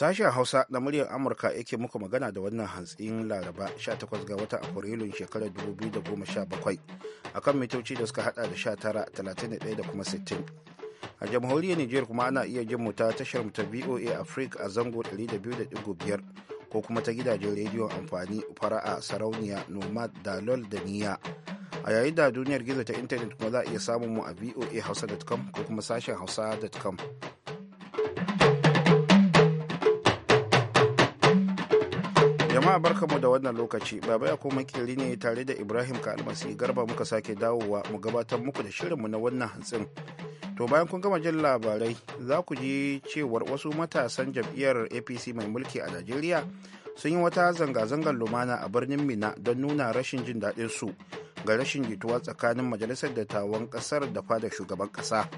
Sashen Hausa na muryar Amurka yake muku magana da wannan hantsin Laraba 18 ga watan Afrilun shekarar 2017 akan mitoci da suka hada da tara talatin da kuma 60. a jamhuriyar niger kuma ana iya jin mu ta tashar mu ta voa africa a zango 200.5 ko kuma ta gidajen rediyon amfani fara'a sarauniya nomad dalol da niya a yayin da duniyar gizo ta intanet kuma za a iya samun mu a voa hausa.com ko kuma sashen hausa.com jama'a barkamu da wannan lokaci baba ya kuma kiri ne tare da ibrahim ka almasi garba muka sake dawowa mu gabatar muku da shirinmu na wannan hantsin to bayan kun gama jin labarai za ku ji cewar wasu matasan jam'iyyar apc mai mulki a najeriya sun yi wata zanga-zangar lumana a birnin mina don nuna rashin jin daɗin su ga rashin jituwa tsakanin majalisar dattawan ƙasar da fada shugaban ƙasa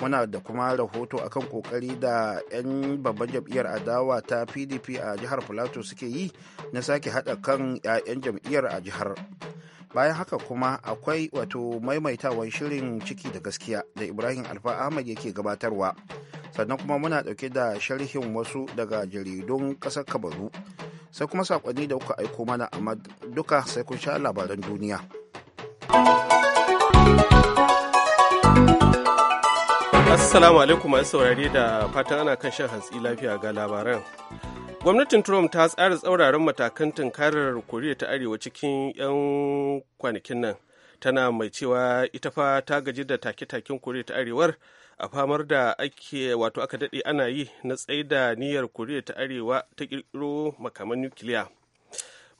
muna da kuma rahoto akan kokari da 'yan babban jam'iyyar adawa ta pdp a jihar plateau suke yi na sake haɗa kan 'ya'yan jam'iyyar a jihar bayan haka kuma akwai wato maimaitawan shirin ciki da gaskiya da ibrahim alfa ahmad yake gabatarwa sannan kuma muna ɗauke da sharhin wasu daga jaridun ƙasar kabaru sai kuma saƙonni da kuka aiko mana amma duka sai kun sha labaran duniya. Assalamu alaikum masu saurari da fatan ana kan shan hantsi lafiya ga labaran. Gwamnatin Trump ta tsara tsauraran matakan tunkarar Koriya ta Arewa cikin 'yan kwanakin nan. Tana mai cewa ita fa ta gaji da take-taken Koriya ta Arewar a famar da ake wato aka daɗe ana yi na tsaida niyyar Koriya ta Arewa ta ƙirƙiro makaman nukiliya.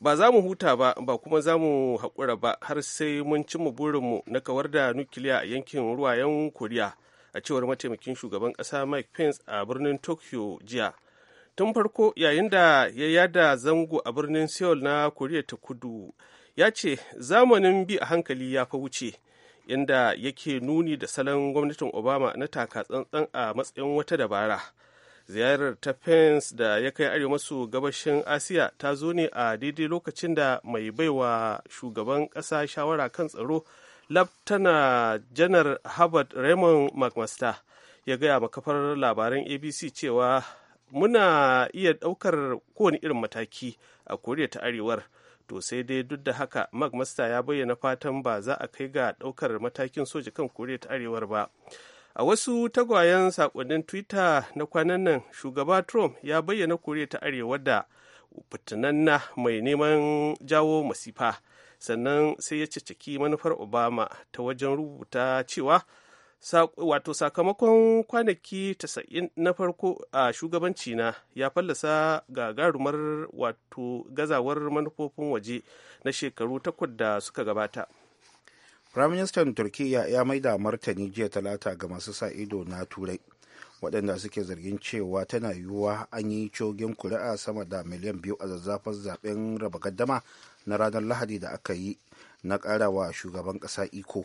ba za mu huta ba ba kuma za mu haƙura ba har sai mun cimma burinmu na kawar da nukiliya a yankin ruwayen koriya a cewar mataimakin shugaban ƙasa mike pence a birnin tokyo jiya tun farko yayin da ya yada zango a birnin seoul na koriya ta kudu ya ce zamanin bi a hankali ya fa wuce inda yake nuni da salon gwamnatin obama na taka tsantsan a matsayin wata dabara ziyarar ta pence da ya kai arewa maso gabashin asiya ta zo ne a daidai lokacin da mai baiwa shugaban ƙasa shawara kan tsaro laftana janar harvard raymond mcmaster ya gaya makafar labaran abc cewa muna iya ɗaukar kowane irin mataki a koriya ta arewar to sai dai duk da haka mcmaster ya bayyana fatan ba za a kai ga daukar matakin soja kan koriya ta arewar ba a wasu tagwayen sakonnin twitter na kwanan nan shugaba trump ya bayyana koriya ta arewar da fitinanna mai neman jawo masifa sannan sai ya cicciki manufar obama ta wajen rubuta cewa wato sakamakon kwanaki 90 na farko a shugabanci na ya fallasa gagarumar wato gazawar manufofin waje na shekaru takwas da suka gabata firaministan turkiyya ya maida martani jiya talata ga masu sa ido na turai waɗanda suke zargin cewa tana yiwuwa an yi cogin kuri'a sama da miliyan biyu a zazzafar zaben raba gaddama na ranar lahadi da aka yi na ƙarawa shugaban ƙasa iko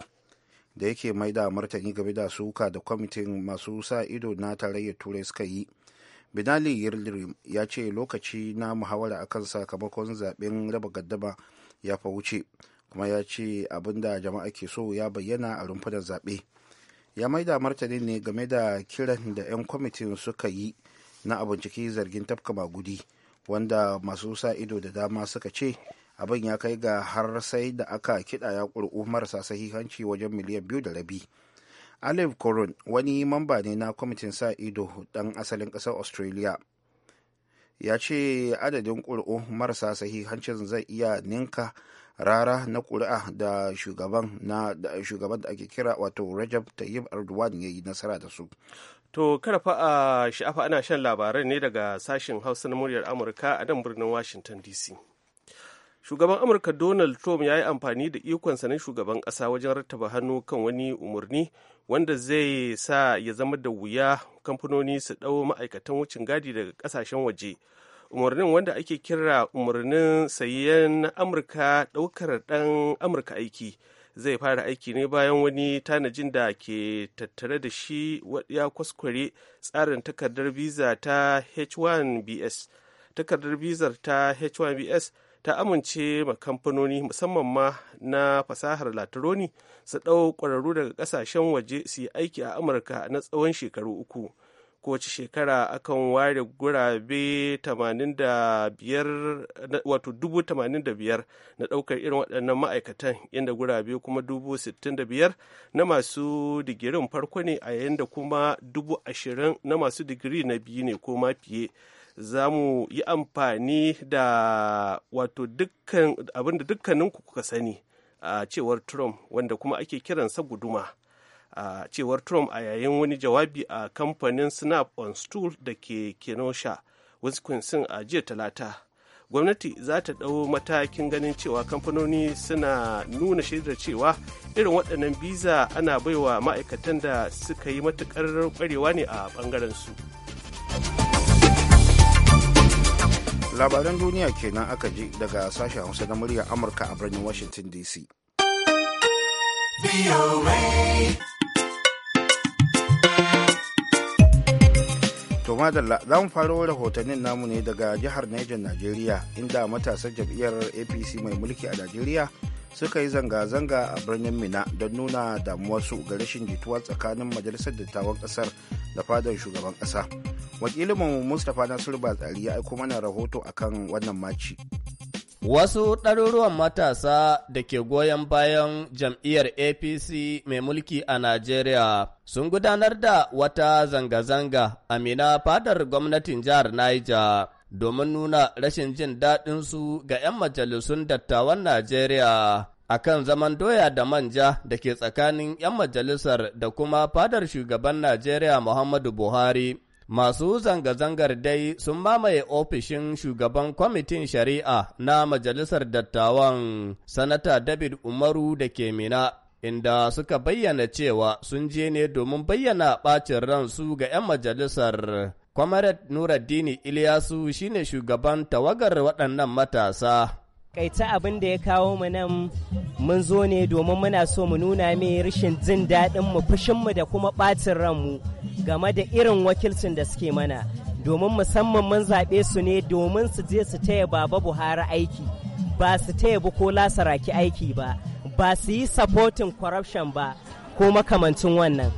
da yake mai da martani game da suka da kwamitin masu sa ido na tarayyar turai suka yi binali yildirim ya ce lokaci na muhawara a kan sakamakon zaben raba gaddama ya fa wuce kuma ya ce abin da jama'a ke so ya bayyana a rumfunan zaɓe. ya da martani ne game da kiran da 'yan kwamitin suka yi na a binciki zargin tafka magudi wanda masu sa ido da dama suka ce abin ya kai ga har sai da aka kiɗa ya ƙuri'u marasa sahihanci wajen miliyan biyu da rabi alif koron wani mamba ne na kwamitin sa ido ɗan asalin ƙasar australia ya ce adadin ƙuri'u marasa sahihancin zai iya ninka rara na ƙuri'a da shugaban na da shugaban da ake kira wato Rajab Tayyip Erdogan ya yi nasara da su. To kada fa a sha'afa ana shan labarai ne daga sashen Hausa na muryar Amurka a nan birnin Washington DC. Shugaban Amurka Donald Trump ya yi amfani da ikonsa na shugaban ƙasa wajen rattaba hannu kan wani umarni wanda zai sa ya zama da wuya kamfanoni su ɗau ma'aikatan wucin gadi daga ƙasashen waje. umarnin wanda ake kira umarnin sayen na amurka ɗaukar ɗan amurka aiki zai fara aiki ne bayan wani tanajin da ke tattare da shi ya kwaskware tsarin takardar visa ta h1bs takardar bizar ta h1bs ta amince ma kamfanoni musamman ma na fasahar latironi su ɗau ƙwararru daga ƙasashen waje su yi aiki a amurka na tsawon shekaru uku kowace shekara akan ware gurabe 85 na ɗaukar irin waɗannan ma'aikatan inda gurabe kuma 65 na masu digirin farko ne a yayin da kuma 20 na masu digiri na biyu ne ko ma fiye za mu yi amfani da wato abinda dukkaninku kuka sani a cewar trump wanda kuma ake kiransa guduma a cewar trump a yayin wani jawabi a kamfanin snap on stool da ke kenosha wisconsin a jiya talata gwamnati za ta ɗau matakin ganin cewa kamfanoni suna nuna shaidar cewa irin waɗannan biza ana baiwa ma'aikatan da suka yi matuƙar ƙwarewa ne a ɓangaren su labaran duniya kenan aka ji daga sashen hausa na muryar amurka a birnin washington dc To madalla za mu faro rahotannin namu ne daga jihar Niger nigeria inda matasan jam'iyyar APC mai mulki a nigeria suka yi zanga-zanga a birnin Mina don nuna damuwarsu ga rashin jituwa tsakanin majalisar dattawan kasar da fadar shugaban kasa. Wakilinmu Mustapha Nasiru Batsari ya aiko mana rahoto akan wannan maci. Wasu ɗaruruwan matasa da ke goyon bayan jam'iyyar APC mai mulki a Najeriya sun gudanar da wata zanga-zanga a mina fadar gwamnatin jihar Niger domin nuna rashin jin daɗinsu ga 'yan majalisun dattawan Najeriya a kan zaman doya da manja da ke tsakanin 'yan majalisar da kuma fadar shugaban Najeriya Muhammadu Buhari. Masu zanga-zangar dai sun mamaye ofishin shugaban kwamitin shari'a na Majalisar Dattawan Sanata David Umaru da ke mina, inda suka bayyana cewa sun je ne domin bayyana ɓacin ransu ga 'yan majalisar. Kwamarat Nuraddini Iliyasu shine shugaban tawagar waɗannan matasa. kaita abin da ya kawo mu nan mun zo ne domin muna so mu nuna mai rashin jin daɗin mu fushinmu da kuma ɓacin ranmu game da irin wakilcin da suke mana domin musamman mun zaɓe su ne domin su je su taya baba buhari aiki ba su taya ko lasaraki aiki ba ba su yi supportin corruption ba ko makamancin wannan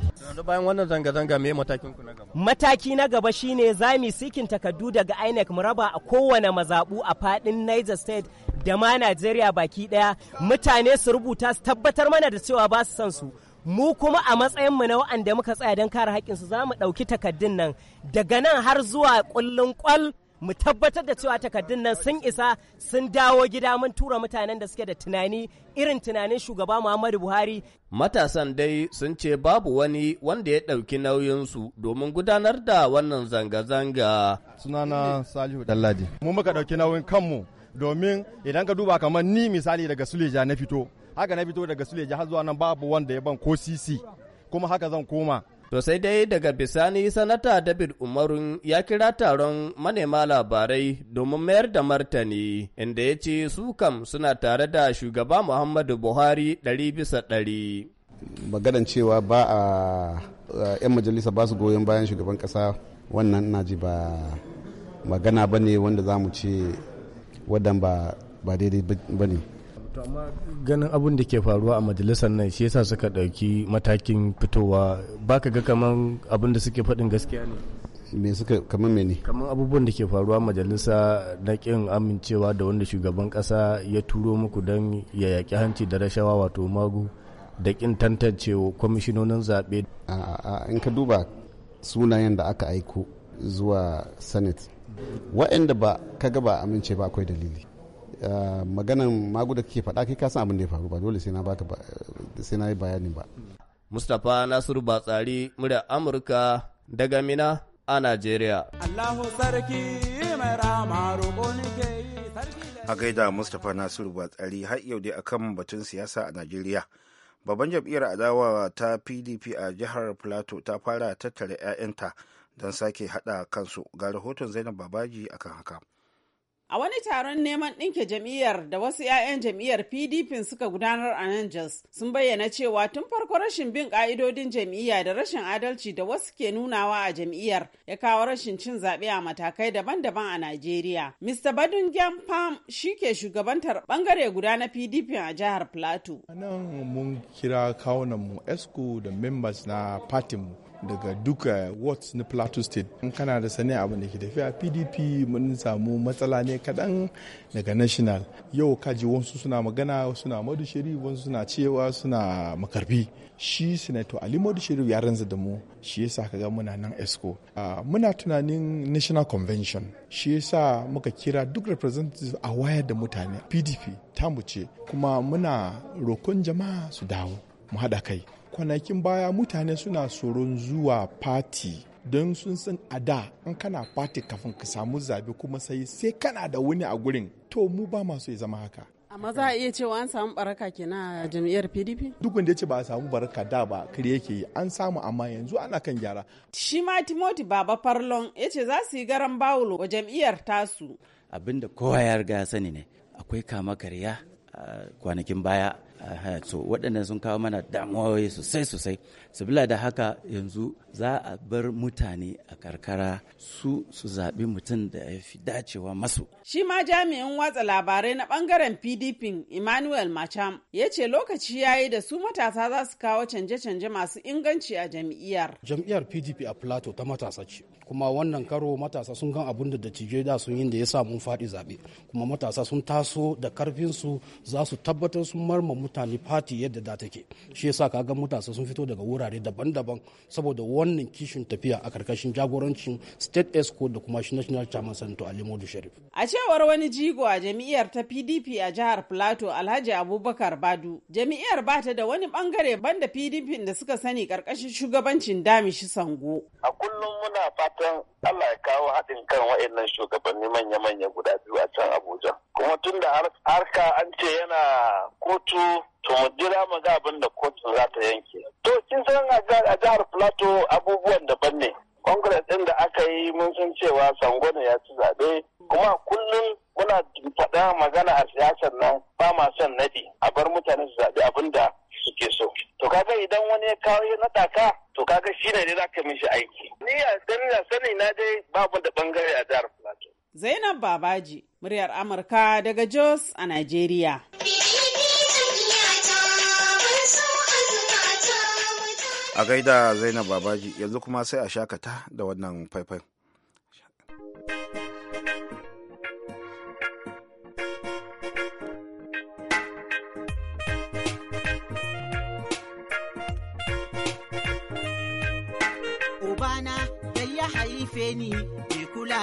bayan wannan zanga-zanga me matakin ku na gaba mataki na gaba shine za mu sikin takardu daga INEC mu raba a kowane mazabu a fadin Niger State da ma nigeria baki daya mutane su rubuta su tabbatar mana da cewa ba su san su mu kuma a matsayin mu na wa'anda muka tsaya don kare haƙƙinsu za mu ɗauki takaddun nan daga nan har zuwa ƙullun ƙwal mu tabbatar da cewa takaddun nan sun isa sun dawo gida mun tura mutanen da suke da tunani irin tunanin shugaba Muhammadu Buhari. Matasan dai sun ce babu wani wanda ya ɗauki nauyinsu domin gudanar da wannan zanga-zanga. Sunana Salihu Dallaji. Mu muka ɗauki nauyin kanmu domin idan ka duba kamar ni misali daga Suleja na fito. haka na fito daga leji har zuwa nan babu wanda ya ban ko sisi kuma haka zan koma To sai dai daga bisani sanata David umaru ya kira taron manema labarai domin mayar da martani inda ya ce su kam suna tare da shugaba Muhammadu Buhari ɗari bisa ɗari. Maganan cewa ba a 'yan majalisa ba su goyon bayan shugaban kasa wannan na ji ba magana ba ne wanda za mu ce wadan ba daidai ba ne. to amma ganin abun da ke faruwa a majalisar nan shi yasa suka ɗauki matakin fitowa ba ka ga kaman abun da suke faɗin gaskiya ne me suka kaman me ne kaman abubuwan da ke faruwa majalisa na kin amincewa da wanda shugaban kasa ya turo muku dan ya yaki hanci da rashawa wato magu da kin tantance kwamishinonin zaɓe in ka duba sunayen da aka aiko zuwa senate waɗanda ba kaga ba amince ba akwai dalili maganan magu da kake faɗa kai ka san abin da ya faru ba dole sai na baka sai na yi bayani ba Mustapha Nasiru Batsari murya Amurka daga Mina a Najeriya Allahu sarki mai rama roƙo a gaida Mustapha Nasiru Batsari har yau dai akan batun siyasa a Najeriya babban jam'iyyar adawa ta pdp a jihar plateau ta fara tattara 'ya'yanta don sake hada kansu ga rahoton zainab babaji akan haka A wani taron neman ɗinke jam'iyyar da wasu 'ya'yan jam'iyyar PDP suka gudanar a nan Jos sun bayyana cewa tun farko rashin bin ƙa'idodin jam'iyya da rashin adalci da wasu ke nunawa a jam'iyyar ya kawo rashin cin zaɓe a matakai daban-daban a Najeriya. Mr. Badun Pam shi ke shugabantar ɓangare guda na PDP a jihar Plateau. A Nan mun kira kawunan mu Esku da members na party mu daga duka wards na plateau state in kana da sani abin da ke tafiya pdp mun samu matsala ne kaɗan daga national yau kaji wasu suna magana suna madu sharif wasu suna cewa suna makarfi shi senator ali madu sharif ya ranza da mu shi yasa kaga muna nan esco ah, muna tunanin national convention shi yasa muka kira duk representative a wayar da mutane pdp tamu ce kuma muna rokon jama'a su dawo mu haɗa kai kwanakin baya mutane suna tsoron zuwa fati don sun san a da an kana fati kafin ka samu zabe kuma sai sai kana da wani a gurin to mu ba masu ya zama haka amma za a iya cewa an samu baraka kenan a jam'iyyar pdp duk wanda ya ce ba a samu baraka da ba kare yake yi an samu amma yanzu ana kan gyara shi ma timoti baba farlon ya ce za su yi garan bawulo wa jam'iyyar tasu abinda kowa ya riga sani ne akwai kama karya kwanakin baya so waɗannan sun kawo mana damuwa sosai sosai sabila da haka yanzu za a bar mutane a karkara su su zaɓi mutum da ya fi dacewa masu shi ma jami'in watsa labarai na ɓangaren pdp emmanuel macham ya ce lokaci ya yi da su matasa za su kawo canje-canje masu inganci a jam'iyyar jam'iyyar pdp a plateau ta matasa ce kuma wannan karo matasa sun gan abun da dattijai da sun yi da ya sa mun faɗi zaɓe kuma matasa sun taso da karfinsu za su tabbatar sun marma mutane fati yadda da take shi yasa kaga matasa sun fito daga wurare daban-daban saboda wannan kishin tafiya a karkashin jagorancin state esco da kuma national chairman santo ali modu sharif a cewar wani jigo a jami'ar ta pdp a jihar plateau alhaji abubakar badu jami'ar ba ta da wani bangare banda pdp da suka sani karkashin shugabancin damishi sango a kullum muna fatan allah ya kawo haɗin kan wa'annan shugabanni manya-manya guda biyu a can abuja kuma tun da harka an ce yana kotu to mu jira mu ga abin da kotu za ta yanke to kin san a jihar plateau abubuwan daban ne congress ɗin da aka yi mun san cewa sangona ya ci zaɓe kuma kullum muna faɗa magana a siyasar nan ba ma son naɗi a bar mutane su zaɓi abin da suke so to kaga idan wani ya kawo ya naɗa ka to kaga shi ne dai za ka mishi aiki ni a sani na sani na dai babu da bangare a jihar plateau zainab babaji muryar amurka daga jos a Najeriya. a gaida zainab babaji yanzu kuma sai a shakata da wannan faifai ubana da ya haife ni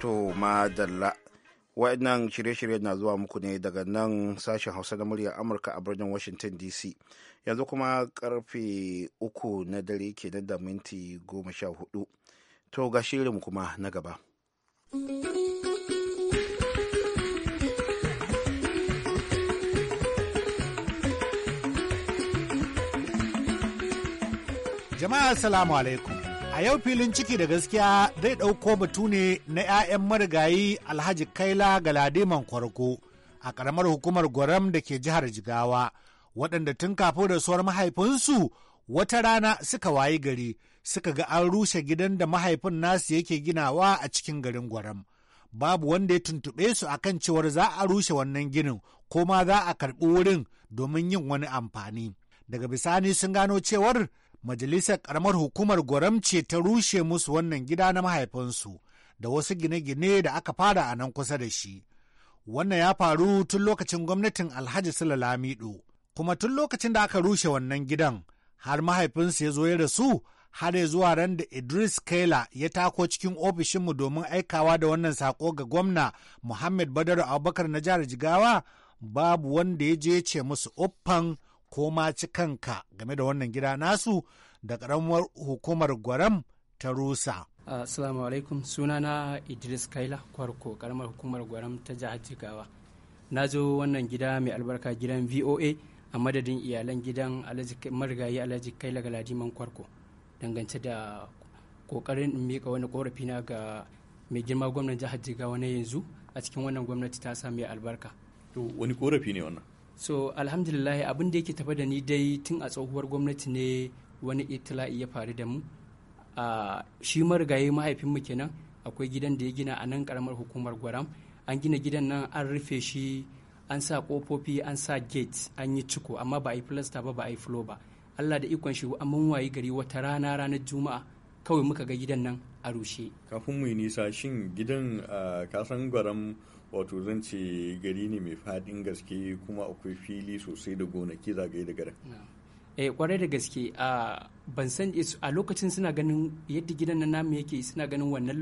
To madalla wa'annan shirye-shirye na zuwa muku ne daga nan sashen hausa na muryar amurka a birnin washington dc yanzu kuma karfe uku na dare ke da minti goma sha hudu to ga shirin kuma na gaba jama'a salamu alaikum A yau filin ciki da gaskiya zai ɗauko batu ne na 'ya'yan marigayi Alhaji Kaila Galadiman Kwarko a ƙaramar hukumar Gwaram da ke jihar Jigawa, waɗanda tun kafin rasuwar mahaifinsu wata rana suka wayi gari suka ga an rushe gidan da mahaifin nasu yake ginawa a cikin garin Gwaram. Babu wanda ya tuntuɓe su a kan cewar za a rushe wannan ginin ko ma za a karɓi wurin domin yin wani amfani. Daga bisani sun gano cewar majalisar karamar hukumar gwaram ce ta rushe musu wannan gida na mahaifinsu da wasu gine-gine da aka fara a nan kusa da shi. Wannan ya faru tun lokacin gwamnatin Alhaji Sula Lamido, kuma tun lokacin da aka rushe wannan gidan har mahaifinsu ya zo ya rasu har ya zuwa ran da Idris Kaila ya tako cikin ofishinmu domin aikawa da wannan sako ga gwamna Muhammad Badaru Abubakar na jihar Jigawa babu wanda ya je ce musu uffan ko ma ci kanka game da wannan gida nasu da karamar hukumar gwaram ta rusa. Assalamu alaikum sunana Idris Kaila Kwarko karamar hukumar gwaram ta jihar Jigawa. Na zo wannan gida mai albarka gidan VOA a madadin iyalan gidan marigayi Alhaji Kaila Galadiman Kwarko dangance da kokarin in mika wani korafi na ga mai girma gwamnan jihar Jigawa na yanzu a cikin wannan gwamnati ta sami albarka. To wani korafi ne wannan? so alhamdulillah abin da yake tafa da ni dai tun a tsohuwar gwamnati ne wani itila'i ya faru da mu a shi marigayi mahaifinmu kenan akwai gidan da ya gina a nan karamar hukumar gwaram an gina gidan nan an rufe shi an sa kofofi an sa gate an yi ciko amma ba a yi filasta ba ba a yi filo ba allah da ikon shi mun wayi gari wata rana ranar juma'a kawai muka ga gidan nan a rushe kafin mu yi nisa shin gidan kasan gwaram wato zance gari ne mai fadin gaske kuma akwai fili sosai da gonaki zagaye da garin eh kwarai da gaske a ban san a lokacin suna ganin yadda gidan na namu yake suna ganin wannan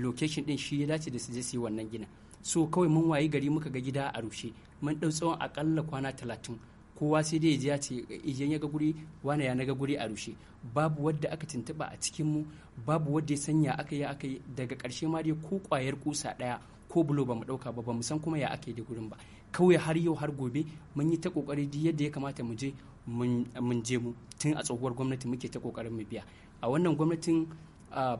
location din shi ya dace da suje je su wannan gina so kawai mun wayi gari muka ga gida a rushe mun dau tsawon akalla kwana talatin kowa sai dai ya ce idan ya ga guri wani ya naga guri a rushe babu wadda aka tuntuba a cikin mu babu wadda ya sanya aka yi aka yi daga karshe ma dai ko kwayar kusa daya ko bulo ba mu ɗauka ba ba mu san kuma ya ake da gurin ba kawai har yau har gobe mun yi ta kokari yadda ya kamata mu je mun je mu tun a tsohuwar gwamnati muke ta kokarin mu biya a wannan gwamnatin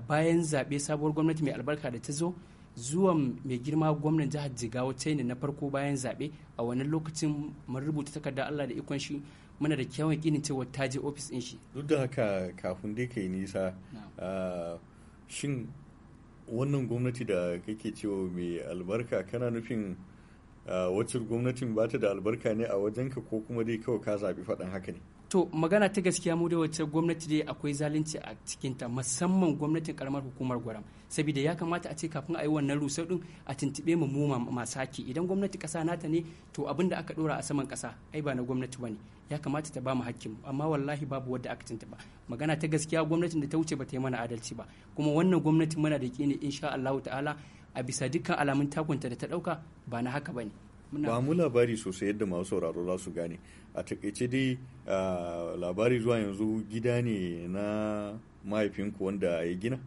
bayan zaɓe sabuwar gwamnati mai albarka da ta zo zuwa mai girma gwamnan jihar jigawa ta na farko bayan zabe a wannan lokacin mun rubuta takardar allah da ikon shi muna da kyawun ginin cewa ta je ofis ɗin shi duk da haka kafin dai kai nisa shin wannan gwamnati da kake cewa mai albarka kana nufin ah, wacce gwamnatin bata da albarka ne a wajenka ko kuma dai kawai ka zaɓi faɗin haka ne to magana ta gaskiya mu da wacce gwamnati dai akwai zalunci a cikinta musamman gwamnatin karamar hukumar gwaram saboda ya kamata a ce kafin a yi wannan rusa din a tuntube mu mu masu haki idan gwamnati kasa nata ne to abin da aka dora a saman kasa ai ba na gwamnati bane ya kamata ta ba mu hakkin amma wallahi babu wanda aka tuntuba magana ta gaskiya gwamnatin da ta wuce ba ta yi mana adalci ba kuma wannan gwamnatin muna da ne insha Allah ta'ala a bisa dukkan alamun takunta da ta ɗauka ba na haka bane ba mu labari sosai yadda masu sauraro za su gane a takaice dai labari zuwa yanzu gida ne na mahaifinku wanda ya gina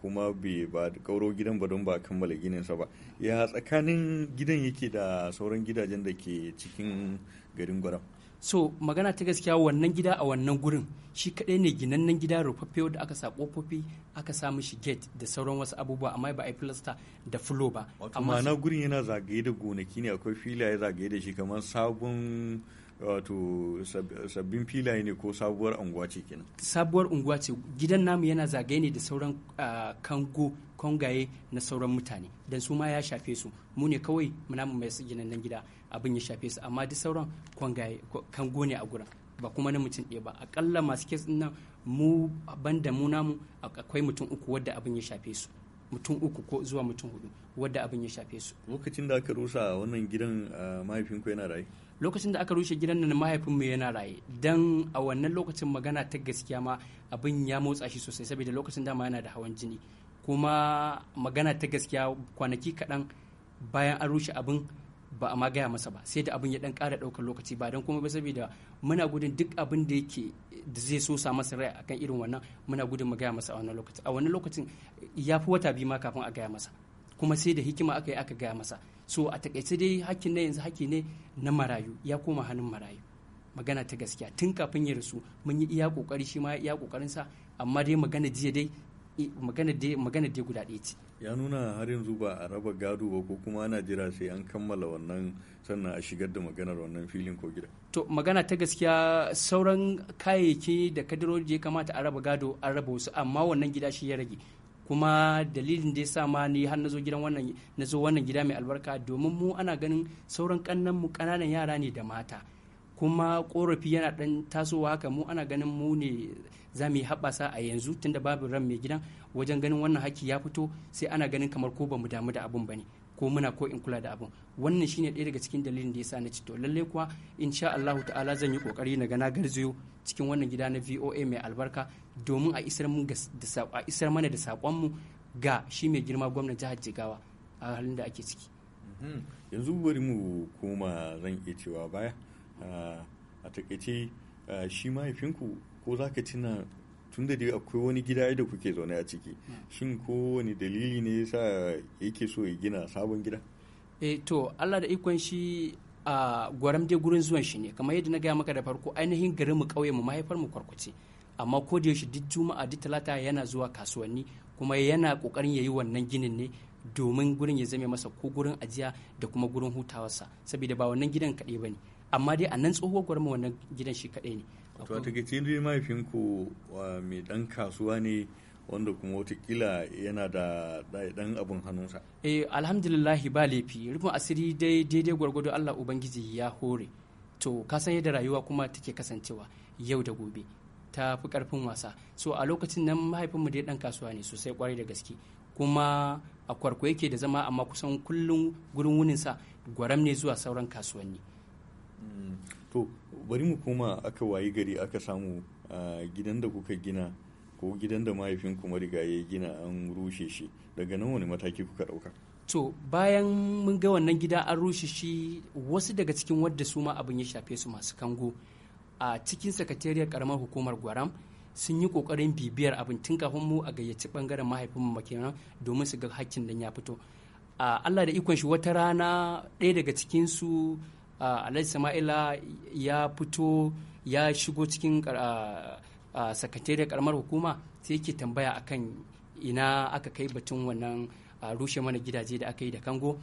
kuma bai ba kauro gidan ba don ba kammala sa ba ya tsakanin gidan yake da sauran gidajen da ke cikin garin gwaram so magana ta gaskiya wannan gida a wannan gurin shi kadai ne ginannen gida rufaffe da aka sa kofofi aka sa mishi gate da sauran wasu abubuwa amma ba a yi filasta da fulo ba amma na gurin yana zagaye da gonaki ne akwai filaye zagaye da shi kamar sabon wato sabbin filaye ne ko sabuwar unguwa ce kenan sabuwar unguwa ce gidan namu yana zagaye ne da sauran kango kongaye na sauran mutane dan su ma ya shafe su mu ne kawai muna mai nan gida abin ya shafe su amma duk sauran kongaye kango ne a gurin ba kuma na mutum ɗaya ba akalla masu kes nan mu banda mu namu akwai mutum uku wadda abin ya shafe su mutum uku ko zuwa mutum hudu wadda abin ya shafe su lokacin da aka rusa wannan gidan mahaifinku yana rayu lokacin da aka rushe gidan nan mahaifinmu yana raye dan a wannan lokacin magana ta gaskiya ma abin ya motsa shi sosai saboda lokacin dama yana da hawan jini kuma magana ta gaskiya kwanaki kaɗan bayan an rushe abin ba a ma gaya masa ba sai da abin ya dan ƙara ɗaukar lokaci ba don kuma ba saboda muna gudun duk abin da yake da zai so sa masa rai akan irin wannan muna gudun magaya masa a wannan lokacin a wannan lokacin ya fi wata biyu ma kafin a gaya masa kuma sai da hikima aka yi aka gaya masa so a takaice dai hakkin na yanzu hakki ne na marayu ya koma hannun marayu magana ta gaskiya tun kafin ya rasu mun yi iya kokari shi ma iya kokarin sa amma dai magana jiya dai magana dai magana dai guda ɗaya ce ya nuna har yanzu ba a raba gado ba ko kuma ana jira sai an kammala wannan sannan a shigar da maganar wannan filin ko gida to magana ta gaskiya sauran kayayyaki da kadarori ya kamata a raba gado an raba wasu amma wannan gida shi ya rage kuma dalilin da ya sa ma ni har na gidan wannan nazo wannan gida mai albarka domin mu ana ganin sauran kannan mu kananan yara ne da mata kuma korafi yana dan tasowa haka mu ana ganin mu ne za mu yi haɓasa a yanzu tunda babu ran mai gidan wajen ganin wannan haki ya fito sai ana ganin kamar ko ba mu damu da abun bane ko muna ko in kula da abun wannan shine ɗaya daga cikin dalilin da yasa na ci to lalle kuwa insha Allahu ta'ala zan yi kokari na ga na garzayo cikin wannan gida na VOA mai albarka domin a isar mana da saƙonmu ga shi mai girma gwamnan jihar jigawa a halin da ake ciki mm-hmm. yanzu bari mu koma zan iya cewa baya ah, a takaice ah, shi mahaifinku ko za ka tuna tun da dai akwai wani gida da kuke zaune a ciki mm. shin ko wani dalili ne yasa yake so ya gina sabon gida e to allah da ikon shi a ah, gwaram dai gurin zuwan shi ne kamar yadda na gaya maka da farko ainihin garinmu mu kauye mu mahaifar mu kwarkwace amma ko da yaushe duk juma'a duk talata yana zuwa kasuwanni kuma yana kokarin ya yi wannan ginin ne domin gurin ya zame masa ko gurin ajiya da kuma gurin hutawarsa saboda ba wannan gidan kaɗai ba ne amma dai a nan tsohuwar gwarma wannan gidan shi kaɗai ne. to a takaice dai mahaifinku mai ɗan kasuwa ne wanda kuma watakila yana da ɗan abun hannunsa. eh alhamdulillahi ba laifi rufin asiri dai daidai gwargwado allah ubangiji ya hore to ka san yadda rayuwa kuma take kasancewa yau da gobe ta fi karfin wasa so a lokacin nan mahaifinmu dai dan kasuwa ne sosai kwarai da gaske kuma a kwarko yake da zama amma kusan kullum gurin wuninsa gwaram ne zuwa sauran kasuwanni mm. to bari mu koma aka wayi gari aka samu gidan da kuka gina ko gidan da mahaifinku mariga ya gina an rushe shi daga nan wani mataki kuka ɗauka to bayan mun ga wannan gida an rushe shi wasu daga cikin wadda su ma abin ya shafe su masu kango a cikin sakatariyar karamar hukumar gwaram sun yi kokarin bibiyar abin tun kafin mu a gayyaci bangaren mahaifin mu domin su ga hakkin da ya fito Allah da ikon shi wata rana ɗaya daga cikin su Alhaji Sama'ila ya fito ya shigo cikin sakatariyar karamar hukuma sai yake tambaya akan ina aka kai batun wannan rushe mana gidaje da aka yi da kango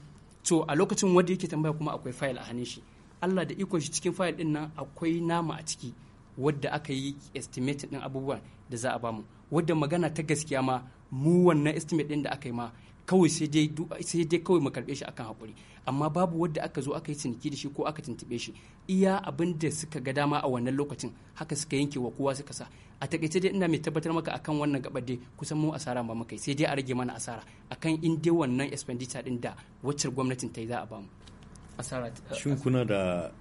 to a lokacin wanda yake tambaya kuma akwai fayil a hannun shi Allah da ikon shi cikin fayil din nan akwai nama a ciki wadda aka yi estimate din abubuwan da za a bamu wadda magana ta gaskiya ma mu wannan estimate din da aka yi ma kawai sai dai sai dai kawai mu karbe shi akan hakuri amma babu wadda aka zo aka yi ciniki da shi ko aka tuntube shi iya abin da suka ga dama a wannan lokacin haka suka yanke wa kowa suka sa a takaice dai ina mai tabbatar maka akan wannan gabar dai kusan mu asara ba mukai sai dai a rage mana asara akan in dai wannan expenditure din da wacce gwamnatin ta yi za a bamu Uh, shin kuna da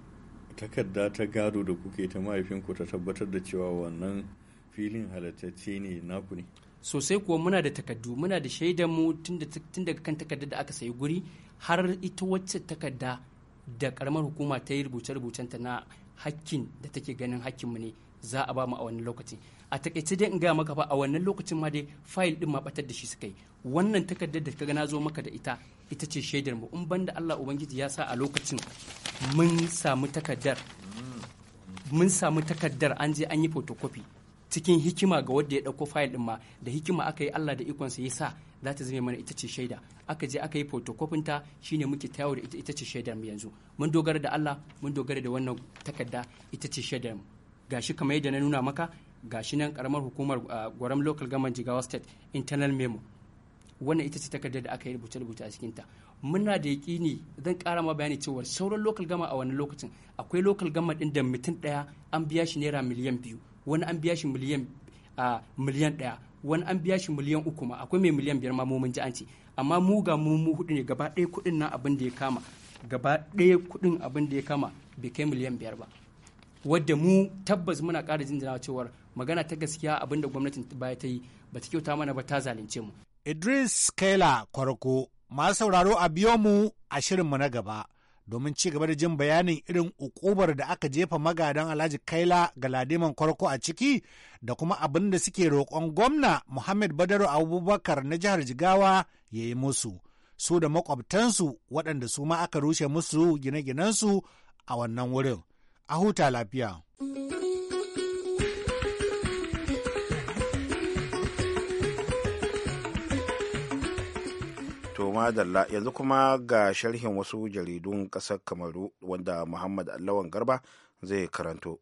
takarda ta gado da kuke ta mahaifinku ta tabbatar da cewa wannan filin halittacce ne naku ne sosai kuwa muna da takardu muna da shaidar mu tun daga kan takardar da aka sayi guri har ita wacce takarda da karamar hukuma ta yi rubuce-rubucenta na hakkin da take ganin hakkin mu ne za a ba mu a wannan lokacin a takaice dai in gaya maka ba a wannan lokacin ma dai fayil din ma batar da shi suka yi wannan takardar da ka ga na zo maka da ita ita ce shaidar mu in banda Allah ubangiji ya sa a lokacin mun samu takaddar mun samu takaddar an je an yi photocopy cikin hikima ga wanda ya dauko fayil din ma da hikima aka yi Allah da ikonsa ya sa za ta zama mana ita ce shaida aka je aka yi photocopy ta shine muke tayo da ita ita ce shaidar mu yanzu mun dogara da Allah mun dogara da wannan takarda ita ce shaidar mu gashi kamar yadda na nuna maka gashi nan karamar hukumar ah, gwaram local government jigawa state internal memo wannan ita ce takardar da aka yi rubuce-rubuce a cikinta muna da yaƙini zan ƙara ma bayani cewa sauran lokal gama a wannan lokacin akwai lokal gama din da mutum ɗaya an biya shi naira miliyan biyu wani an biya shi miliyan a miliyan ɗaya wani an biya shi miliyan uku ma akwai mai miliyan biyar ma mun ji an ce amma mu ga mu mu hudu ne gaba ɗaya kuɗin na abin da ya kama gaba ɗaya kuɗin abin da ya kama bai kai miliyan biyar ba wadda mu tabbas muna ƙara jinjina cewar magana ta gaskiya abin gwamnatin baya ta yi ba kyauta mana ba ta zalunce mu Idris Kaila Kwarko, masu sauraro a biyo mu a shirinmu na gaba domin ci gaba da jin bayanin irin ukubar da aka jefa magadan Alhaji Kaila ga Ladiman Kwarko a ciki da kuma abin da suke roƙon gwamna Muhammad Badaru Abubakar na jihar Jigawa ya yi musu. Su da makwabtansu waɗanda su ma aka rushe musu gine-ginensu a wannan wurin. A huta lafiya. To madalla yanzu kuma ga sharhin wasu jaridun ƙasar Kamaru wanda Muhammad Allawan Garba zai karanto.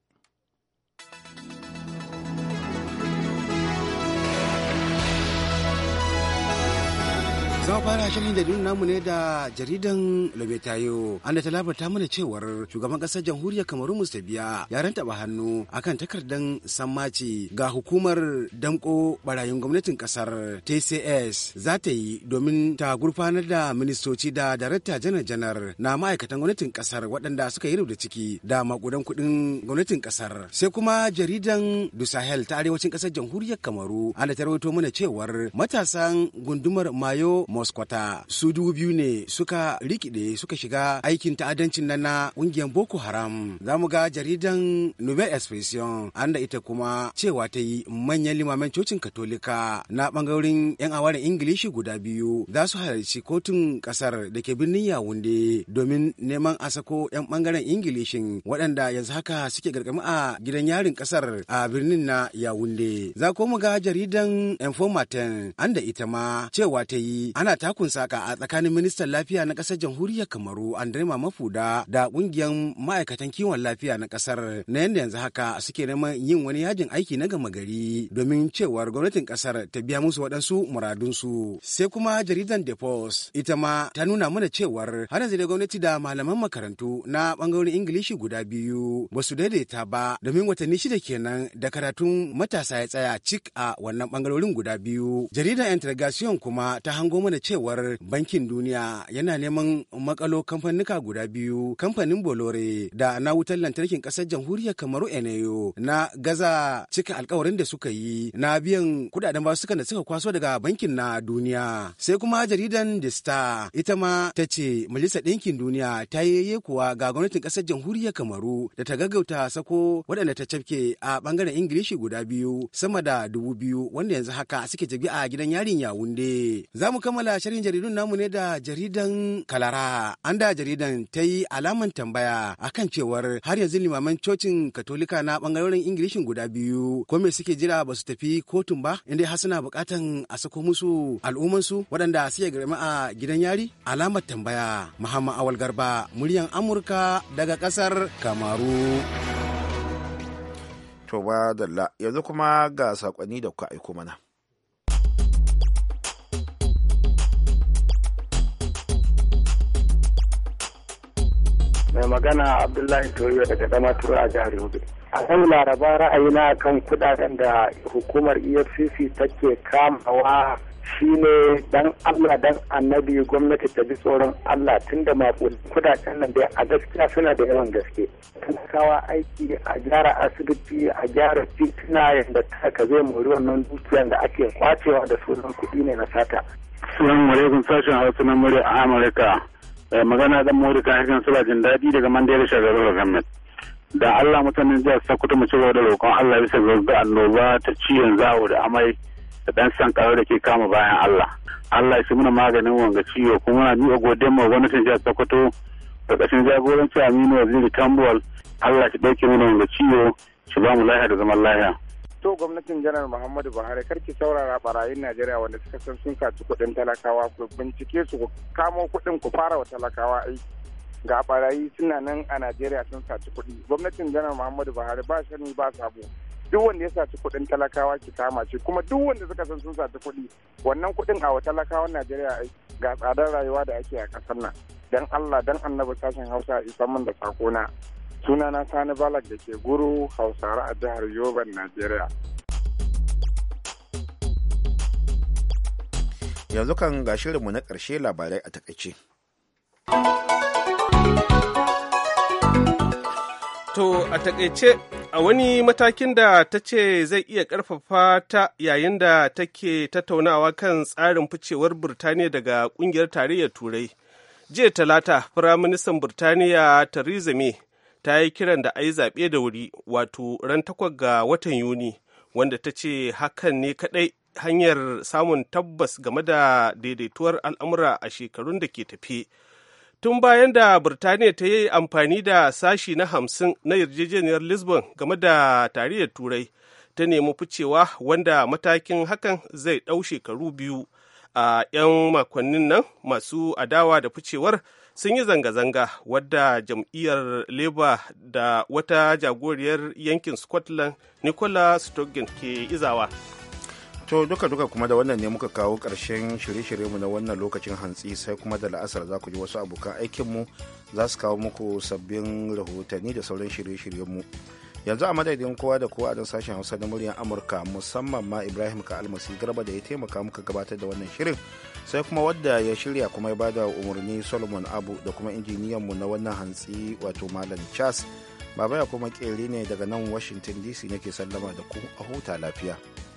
Za fara shirin da mu ne da jaridan Lometayo. An da talabar ta mana cewar shugaban kasar jamhuriyar Kamaru biya ya taba hannu akan takardan sammaci ga hukumar damko barayin gwamnatin kasar TCS za ta yi domin ta gurfanar da ministoci da darakta janar-janar na ma'aikatan gwamnatin kasar waɗanda suka yi da ciki da makudan kuɗin gwamnatin kasar. Sai kuma jaridan Dusahel ta arewacin kasar jamhuriyar Kamaru an da ta rawaito mana cewar matasan gundumar Mayo Moskwata su dubu biyu ne suka rikide suka shiga aikin ta'addancin nan na ƙungiyar Boko Haram. Za mu ga jaridan Nouvelle Expression an da ita kuma cewa ta yi manyan limamin cocin Katolika na ɓangarorin 'yan awarin Ingilishi guda biyu za su halarci kotun ƙasar da ke birnin Yawunde domin neman a sako 'yan bangaren Ingilishin waɗanda yanzu haka suke gargami a gidan yarin ƙasar a birnin na Yawunde. Za ko mu ga jaridan Informaten an da ita ma cewa ta yi ana ana takun saka a tsakanin ministan lafiya na kasar jamhuriyar kamaru andre mafuda da kungiyar ma'aikatan kiwon lafiya na kasar na yadda yanzu haka suke neman yin wani yajin aiki na gama gari domin cewar gwamnatin kasar ta biya musu waɗansu muradunsu sai kuma jaridan the post ita ma ta nuna mana cewar har yanzu da gwamnati da malaman makarantu na bangarorin ingilishi guda biyu ba su daidaita ba domin watanni shida kenan da karatun matasa ya tsaya cik a wannan bangarorin guda biyu jaridan intergation kuma ta hango mana cewar bankin duniya yana neman makalo kamfanika guda biyu kamfanin bolore da na wutar lantarkin ƙasar jamhuriyar kamaru eneyo na gaza cika alkawarin da suka yi na biyan kudaden suka da suka kwaso daga bankin na duniya sai kuma jaridan the star ita ma ta ce majalisar ɗinkin duniya ta yayye kuwa ga gwamnatin ƙasar jamhuriyar kamaru da ta gaggauta sako waɗanda ta cafke a ɓangaren ingilishi guda biyu sama da dubu biyu wanda yanzu haka suke tafi a gidan yarin yawunde za mu kama kammala shirin jaridun namu ne da jaridan Kalara. An da jaridan ta yi alaman tambaya akan cewar har yanzu limaman cocin Katolika na bangarorin Ingilishin guda biyu ko me suke jira ba su tafi kotun ba inda har suna bukatan a sako musu al'ummansu waɗanda suke garma a gidan yari alamar tambaya. Muhammad Awal Garba muryan Amurka daga ƙasar Kamaru. To ba yanzu kuma ga saƙonni da kuka aiko mana. mai magana abdullahi toyo daga damaturu a jihar yobe a kan laraba ra'ayina kan kudaden da hukumar efcc take kamawa shine dan allah dan annabi gwamnati ta bi tsoron allah tunda maƙul kudaden nan da a gaskiya suna da yawan gaske kawa aiki a gyara asibiti a gyara titina yadda taka zai mori wannan dukiyar da ake kwacewa da sunan kuɗi ne na sata. Assalamu alaikum sashen hausa na murya Amurka. Eh, magana dan mori kan suna jin daɗi daga mandela shagarar government da allah mutanen jihar sokoto mu ci da roƙon allah bisa ga annoba ta ciwon zawo da amai da dan sankarau da ke kama bayan allah allah ya muna maganin wanga ciwo kuma muna miƙa godiyar mu gwamnatin jihar sokoto ƙarƙashin jagoranci aminu waziri tambuwal allah shi ɗauke mana wanga ciwo shi ba mu lahiya da zaman lahiya to gwamnatin janar muhammadu buhari karki saurara barayin najeriya wanda suka san sun kaci kudin talakawa ku bincike su ku kamo kudin ku fara wa talakawa aiki ga barayi suna nan a najeriya sun saci kudi gwamnatin janar muhammadu buhari ba shani ba sabo duk wanda ya saci kudin talakawa ki kama shi kuma duk wanda suka san sun saci kudi wannan kudin a wa talakawan najeriya ga tsadar rayuwa da ake a kasar nan dan allah dan annabi sashen hausa isan min da sakona sunana sani balak da ke guru hausare a jihar yoban najeriya yanzu kan ga shirinmu na ƙarshe labarai a takaice to a takaice a wani matakin da ta ce zai iya ƙarfafa ta yayin da take tattaunawa kan tsarin ficewar Birtaniya daga ƙungiyar tarayyar turai jiya talata firaministan burtaniya theresa may ta yi kiran da a yi zaɓe da wuri wato ran takwas ga watan yuni wanda ta ce hakan ne kaɗai hanyar samun tabbas game da daidaituwar al'amura a shekarun da ke tafe tun bayan da birtaniya ta yi amfani da sashi na hamsin na yarjejeniyar lisbon game da tarihar turai ta nemi ficewa wanda matakin hakan zai ɗau shekaru biyu a 'yan makonnin nan masu adawa da ficewar sun yi zanga-zanga wadda jam'iyyar labour da wata jagoriyar yankin scotland nicola stogin ke izawa to duka-duka kuma da wannan ne muka kawo ƙarshen shirye-shiryenmu na wannan lokacin hantsi sai kuma da la'asar za ku ji wasu abokan aikinmu za su kawo muku sabbin rahotanni da sauran shirye mu yanzu a madadin kowa da kowa a don sashen hausa na muryar amurka musamman ma ibrahim ka almasi garba da ya taimaka muka gabatar da wannan shirin sai kuma wadda ya shirya kuma ya bada umarni solomon abu da kuma injiniyanmu na wannan hantsi wato malam chas baba ya kuma kere ne daga nan washington dc nake sallama da ku a huta lafiya